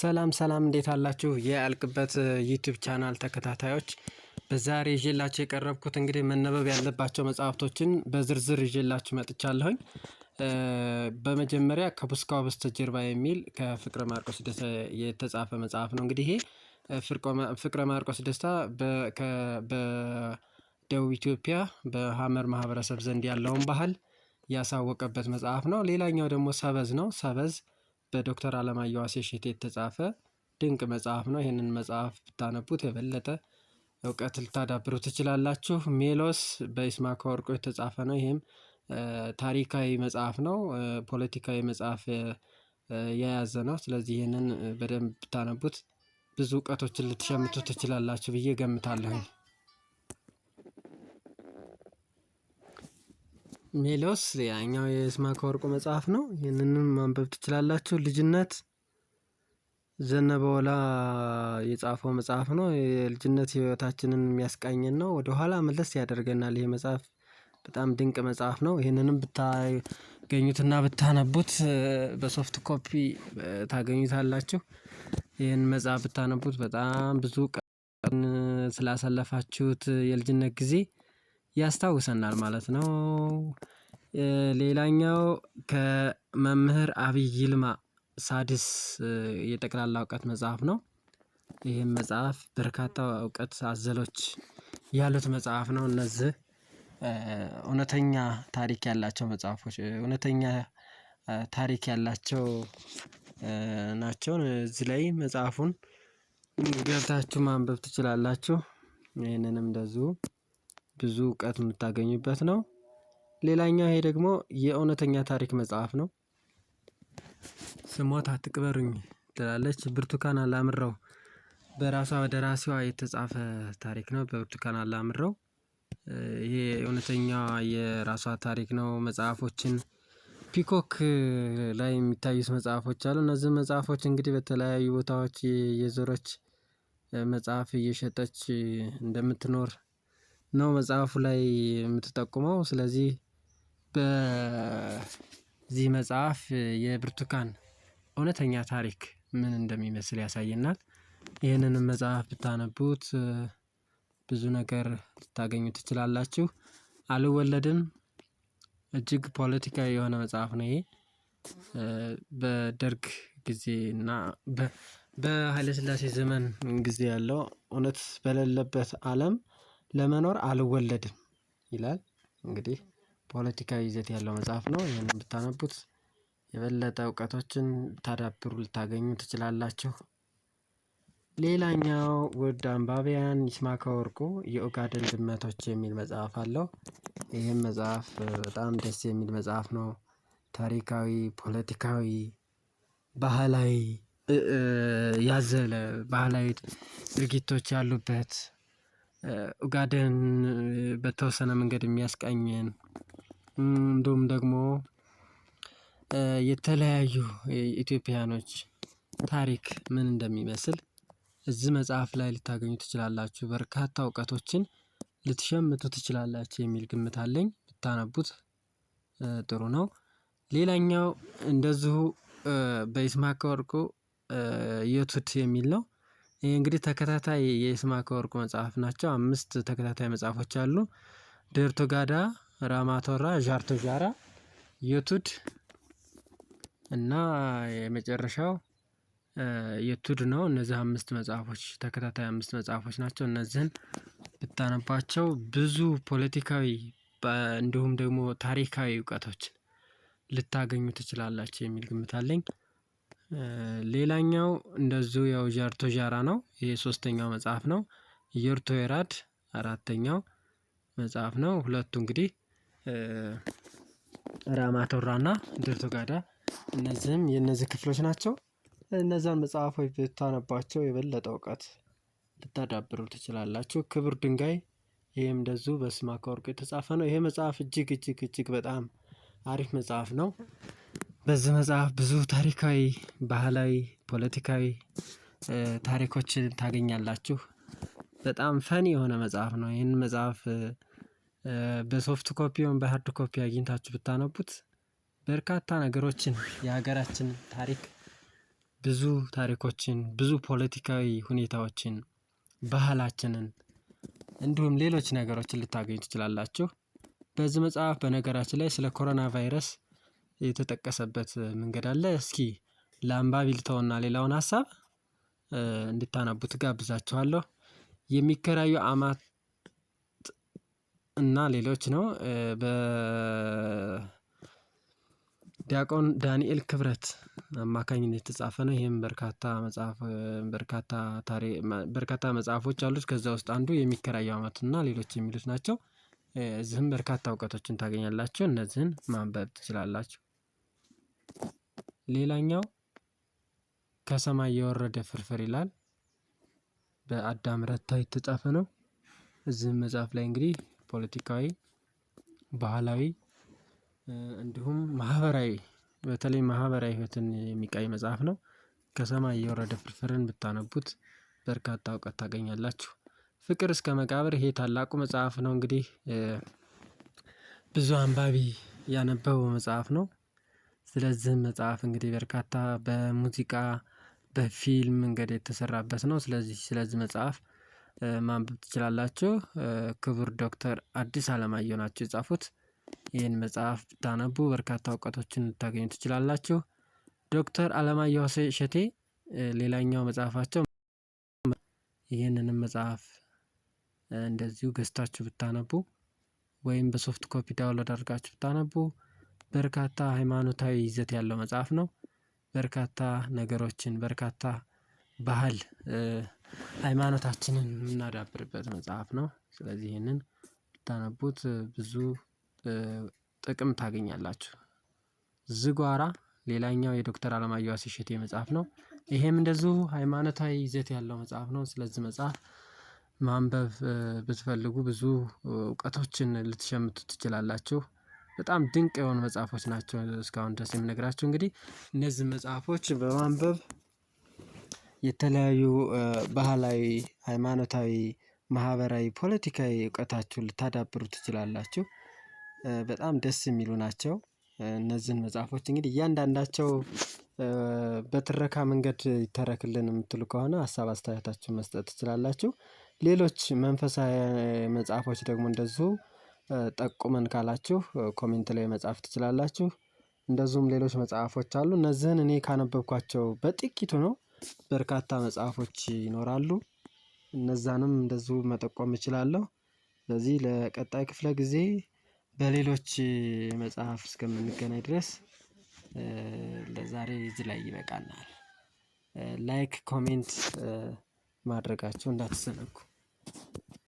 ሰላም ሰላም እንዴት አላችሁ? የአልቅበት ዩቲዩብ ቻናል ተከታታዮች በዛሬ ይዤላችሁ የቀረብኩት እንግዲህ መነበብ ያለባቸው መጽሐፍቶችን በዝርዝር ይዤላችሁ መጥቻለሁኝ። በመጀመሪያ ከቡስካው በስተጀርባ የሚል ከፍቅረ ማርቆስ ደስታ የተጻፈ መጽሐፍ ነው። እንግዲህ ይሄ ፍቅረ ማርቆስ ደስታ በደቡብ ኢትዮጵያ በሀመር ማህበረሰብ ዘንድ ያለውን ባህል ያሳወቀበት መጽሐፍ ነው። ሌላኛው ደግሞ ሰበዝ ነው። ሰበዝ በዶክተር አለማየሁ ዋሴ ሸቴ የተጻፈ ድንቅ መጽሐፍ ነው። ይህንን መጽሐፍ ብታነቡት የበለጠ እውቀት ልታዳብሩ ትችላላችሁ። ሜሎስ በኢስማካ ወርቁ የተጻፈ ነው። ይህም ታሪካዊ መጽሐፍ ነው። ፖለቲካዊ መጽሐፍ የያዘ ነው። ስለዚህ ይህንን በደንብ ብታነቡት ብዙ እውቀቶችን ልትሸምቱ ትችላላችሁ ብዬ ገምታለሁኝ። ሜሎስ ያኛው የይስማዕከ ወርቁ መጽሐፍ ነው። ይህንንም ማንበብ ትችላላችሁ። ልጅነት ዘነበ ወላ የጻፈው መጽሐፍ ነው። የልጅነት ህይወታችንን የሚያስቃኝን ነው። ወደኋላ መለስ ያደርገናል። ይህ መጽሐፍ በጣም ድንቅ መጽሐፍ ነው። ይህንንም ብታገኙትና ብታነቡት በሶፍት ኮፒ ታገኙታላችሁ። ይህን መጽሐፍ ብታነቡት በጣም ብዙ ቀን ስላሳለፋችሁት የልጅነት ጊዜ ያስታውሰናል ማለት ነው። ሌላኛው ከመምህር አብይ ይልማ ሳድስ የጠቅላላ እውቀት መጽሐፍ ነው። ይህም መጽሐፍ በርካታ እውቀት አዘሎች ያሉት መጽሐፍ ነው። እነዚህ እውነተኛ ታሪክ ያላቸው መጽሐፎች እውነተኛ ታሪክ ያላቸው ናቸው። እዚህ ላይ መጽሐፉን ገብታችሁ ማንበብ ትችላላችሁ። ይህንንም እንደዚሁ ብዙ እውቀት የምታገኙበት ነው። ሌላኛው ይሄ ደግሞ የእውነተኛ ታሪክ መጽሐፍ ነው። ስሞት አትቅበሩኝ ትላለች ብርቱካን አላምረው በራሷ ደራሲዋ የተጻፈ ታሪክ ነው። በብርቱካን አላምረው ይሄ እውነተኛ የራሷ ታሪክ ነው። መጽሐፎችን ፒኮክ ላይ የሚታዩት መጽሐፎች አሉ። እነዚህ መጽሐፎች እንግዲህ በተለያዩ ቦታዎች የዞረች መጽሐፍ እየሸጠች እንደምትኖር ነው መጽሐፉ ላይ የምትጠቁመው ስለዚህ በዚህ መጽሐፍ የብርቱካን እውነተኛ ታሪክ ምን እንደሚመስል ያሳየናል። ይህንንም መጽሐፍ ብታነቡት ብዙ ነገር ልታገኙ ትችላላችሁ። አልወለድም እጅግ ፖለቲካዊ የሆነ መጽሐፍ ነው። ይሄ በደርግ ጊዜ እና በ ዘመን ጊዜ ያለው እውነት በሌለበት አለም ለመኖር አልወለድም ይላል እንግዲህ ፖለቲካዊ ይዘት ያለው መጽሐፍ ነው። ይሄንን ብታነቡት የበለጠ እውቀቶችን ልታዳብሩ ልታገኙ ትችላላችሁ። ሌላኛው ውድ አንባቢያን ይስማከ ወርቁ የኦጋዴን ድመቶች የሚል መጽሐፍ አለው። ይህም መጽሐፍ በጣም ደስ የሚል መጽሐፍ ነው። ታሪካዊ ፖለቲካዊ ባህላዊ ያዘለ ባህላዊ ድርጊቶች ያሉበት ኡጋደን በተወሰነ መንገድ የሚያስቃኘን እንዲሁም ደግሞ የተለያዩ ኢትዮጵያኖች ታሪክ ምን እንደሚመስል እዚህ መጽሐፍ ላይ ልታገኙ ትችላላችሁ። በርካታ እውቀቶችን ልትሸምቱ ትችላላችሁ የሚል ግምት አለኝ። ብታነቡት ጥሩ ነው። ሌላኛው እንደዚሁ በይስማከ ወርቁ የቱት የሚል ነው እንግዲህ ተከታታይ የይስማዕከ ወርቅ መጽሐፍ ናቸው አምስት ተከታታይ መጽሐፎች አሉ። ዴርቶጋዳ ራማቶራ ዣርቶዣራ የቱድ እና የመጨረሻው የቱድ ነው። እነዚህ አምስት መጽሐፎች ተከታታይ አምስት መጽሐፎች ናቸው። እነዚህን ብታነባቸው ብዙ ፖለቲካዊ እንዲሁም ደግሞ ታሪካዊ እውቀቶች ልታገኙ ትችላላችሁ የሚል ግምት አለኝ ሌላኛው እንደዚሁ ያው ጃርቶ ጃራ ነው ይሄ ሶስተኛው መጽሐፍ ነው። የርቶ የራድ አራተኛው መጽሐፍ ነው። ሁለቱ እንግዲህ ራማቶራና ድርቶጋዳ እነዚህም የእነዚህ ክፍሎች ናቸው። እነዛን መጽሐፎች ብታነባቸው የበለጠ እውቀት ልታዳብሩ ትችላላችሁ። ክብር ድንጋይ ይህም እንደዙ በስማከ ወርቁ የተጻፈ ነው። ይሄ መጽሐፍ እጅግ እጅግ እጅግ በጣም አሪፍ መጽሐፍ ነው። በዚህ መጽሐፍ ብዙ ታሪካዊ ባህላዊ ፖለቲካዊ ታሪኮችን ታገኛላችሁ። በጣም ፈኒ የሆነ መጽሐፍ ነው። ይህን መጽሐፍ በሶፍት ኮፒውም በሀርድ ኮፒ አግኝታችሁ ብታነቡት በርካታ ነገሮችን የሀገራችን ታሪክ ብዙ ታሪኮችን ብዙ ፖለቲካዊ ሁኔታዎችን ባህላችንን እንዲሁም ሌሎች ነገሮችን ልታገኙ ትችላላችሁ። በዚህ መጽሐፍ በነገራችን ላይ ስለ ኮሮና ቫይረስ የተጠቀሰበት መንገድ አለ። እስኪ ለአንባቢ ልተውና ሌላውን ሀሳብ እንድታነቡት እጋብዛችኋለሁ። የሚከራዩ አማት እና ሌሎች ነው በዲያቆን ዳንኤል ክብረት አማካኝነት የተጻፈ ነው። ይህም በርካታ በርካታ መጽሐፎች አሉት ከዛ ውስጥ አንዱ የሚከራዩ አማት እና ሌሎች የሚሉት ናቸው። እዚህም በርካታ እውቀቶችን ታገኛላችሁ እነዚህን ማንበብ ትችላላችሁ ሌላኛው ከሰማይ የወረደ ፍርፍር ይላል። በአዳም ረታ የተጻፈ ነው። እዚህም መጽሐፍ ላይ እንግዲህ ፖለቲካዊ፣ ባህላዊ እንዲሁም ማህበራዊ በተለይ ማህበራዊ ህይወትን የሚቃኝ መጽሐፍ ነው። ከሰማይ የወረደ ፍርፍርን ብታነቡት በርካታ እውቀት ታገኛላችሁ። ፍቅር እስከ መቃብር ይሄ ታላቁ መጽሐፍ ነው። እንግዲህ ብዙ አንባቢ ያነበበው መጽሐፍ ነው። ስለዚህም መጽሐፍ እንግዲህ በርካታ በሙዚቃ በፊልም እንግዲህ የተሰራበት ነው። ስለዚህ ስለዚህ መጽሐፍ ማንበብ ትችላላችሁ። ክቡር ዶክተር አዲስ አለማየሁ ናቸው የጻፉት። ይህን መጽሐፍ ብታነቡ በርካታ እውቀቶችን ልታገኙ ትችላላችሁ። ዶክተር አለማየሁ እሸቴ ሌላኛው መጽሐፋቸው ይህንንም መጽሐፍ እንደዚሁ ገዝታችሁ ብታነቡ ወይም በሶፍት ኮፒ ዳውንሎድ አድርጋችሁ ብታነቡ በርካታ ሃይማኖታዊ ይዘት ያለው መጽሐፍ ነው። በርካታ ነገሮችን በርካታ ባህል ሃይማኖታችንን የምናዳብርበት መጽሐፍ ነው። ስለዚህ ይህንን ብታነቡት ብዙ ጥቅም ታገኛላችሁ። ዝጓራ ሌላኛው የዶክተር አለማየሁ አሴሼቴ መጽሐፍ ነው። ይሄም እንደዚሁ ሃይማኖታዊ ይዘት ያለው መጽሐፍ ነው። ስለዚህ መጽሐፍ ማንበብ ብትፈልጉ ብዙ እውቀቶችን ልትሸምቱ ትችላላችሁ በጣም ድንቅ የሆኑ መጽሐፎች ናቸው እስካሁን ድረስ የምነግራችሁ። እንግዲህ እነዚህን መጽሐፎች በማንበብ የተለያዩ ባህላዊ፣ ሃይማኖታዊ፣ ማህበራዊ፣ ፖለቲካዊ እውቀታችሁ ልታዳብሩ ትችላላችሁ። በጣም ደስ የሚሉ ናቸው። እነዚህን መጽሐፎች እንግዲህ እያንዳንዳቸው በትረካ መንገድ ይተረክልን የምትሉ ከሆነ ሀሳብ አስተያየታችሁን መስጠት ትችላላችሁ። ሌሎች መንፈሳዊ መጽሐፎች ደግሞ እንደዚሁ ጠቁመን ካላችሁ ኮሜንት ላይ መጻፍ ትችላላችሁ። እንደዚሁም ሌሎች መጽሐፎች አሉ። እነዚህን እኔ ካነበብኳቸው በጥቂቱ ነው። በርካታ መጽሐፎች ይኖራሉ። እነዛንም እንደዚሁ መጠቆም እችላለሁ። ስለዚህ ለቀጣይ ክፍለ ጊዜ በሌሎች መጽሐፍ እስከምንገናኝ ድረስ ለዛሬ እዚህ ላይ ይበቃናል። ላይክ ኮሜንት ማድረጋችሁ እንዳትሰነኩ።